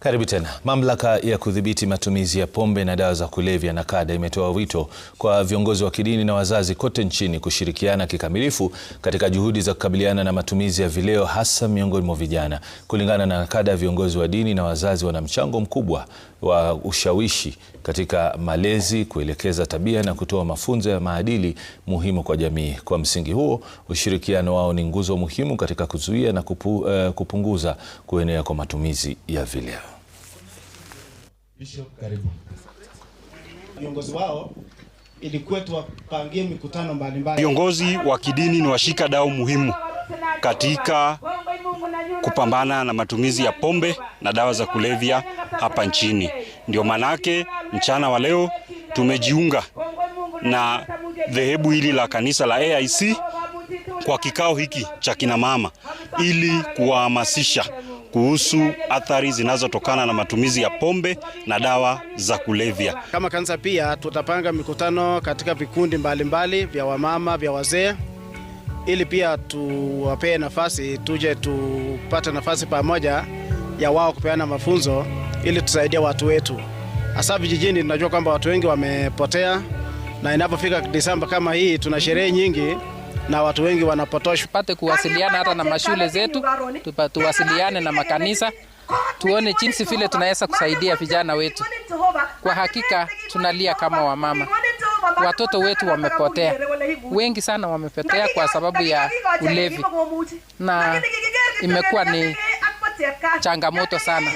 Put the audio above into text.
Karibu tena. Mamlaka ya kudhibiti matumizi ya pombe na dawa za kulevya NACADA imetoa wito kwa viongozi wa kidini na wazazi kote nchini kushirikiana kikamilifu katika juhudi za kukabiliana na matumizi ya vileo hasa miongoni mwa vijana. Kulingana na NACADA, viongozi wa dini na wazazi wana mchango mkubwa wa ushawishi katika malezi, kuelekeza tabia na kutoa mafunzo ya maadili muhimu kwa jamii. Kwa msingi huo, ushirikiano wao ni nguzo muhimu katika kuzuia na kupu, uh, kupunguza kuenea kwa matumizi ya vileo. Bishop, karibu. Viongozi wao ilikuwa tuwapangie mikutano mbalimbali. Viongozi wa kidini ni washika dau muhimu katika kupambana na matumizi ya pombe na dawa za kulevya hapa nchini. Ndio manake mchana wa leo tumejiunga na dhehebu hili la kanisa la AIC kwa kikao hiki cha kinamama ili kuwahamasisha kuhusu athari zinazotokana na matumizi ya pombe na dawa za kulevya. Kama kanisa pia tutapanga mikutano katika vikundi mbalimbali vya wamama, vya wazee ili pia tuwapee nafasi, tuje tupate nafasi pamoja ya wao kupeana mafunzo ili tusaidia watu wetu, hasa vijijini. Tunajua kwamba watu wengi wamepotea, na inapofika Desemba kama hii tuna sherehe nyingi na watu wengi wanapotoshwa. Tupate kuwasiliana hata na mashule zetu, tuwasiliane na makanisa, tuone jinsi vile tunaweza kusaidia vijana wetu. Kwa hakika tunalia kama wamama, watoto wetu wamepotea, wengi sana wamepotea kwa sababu ya ulevi, na imekuwa ni changamoto sana.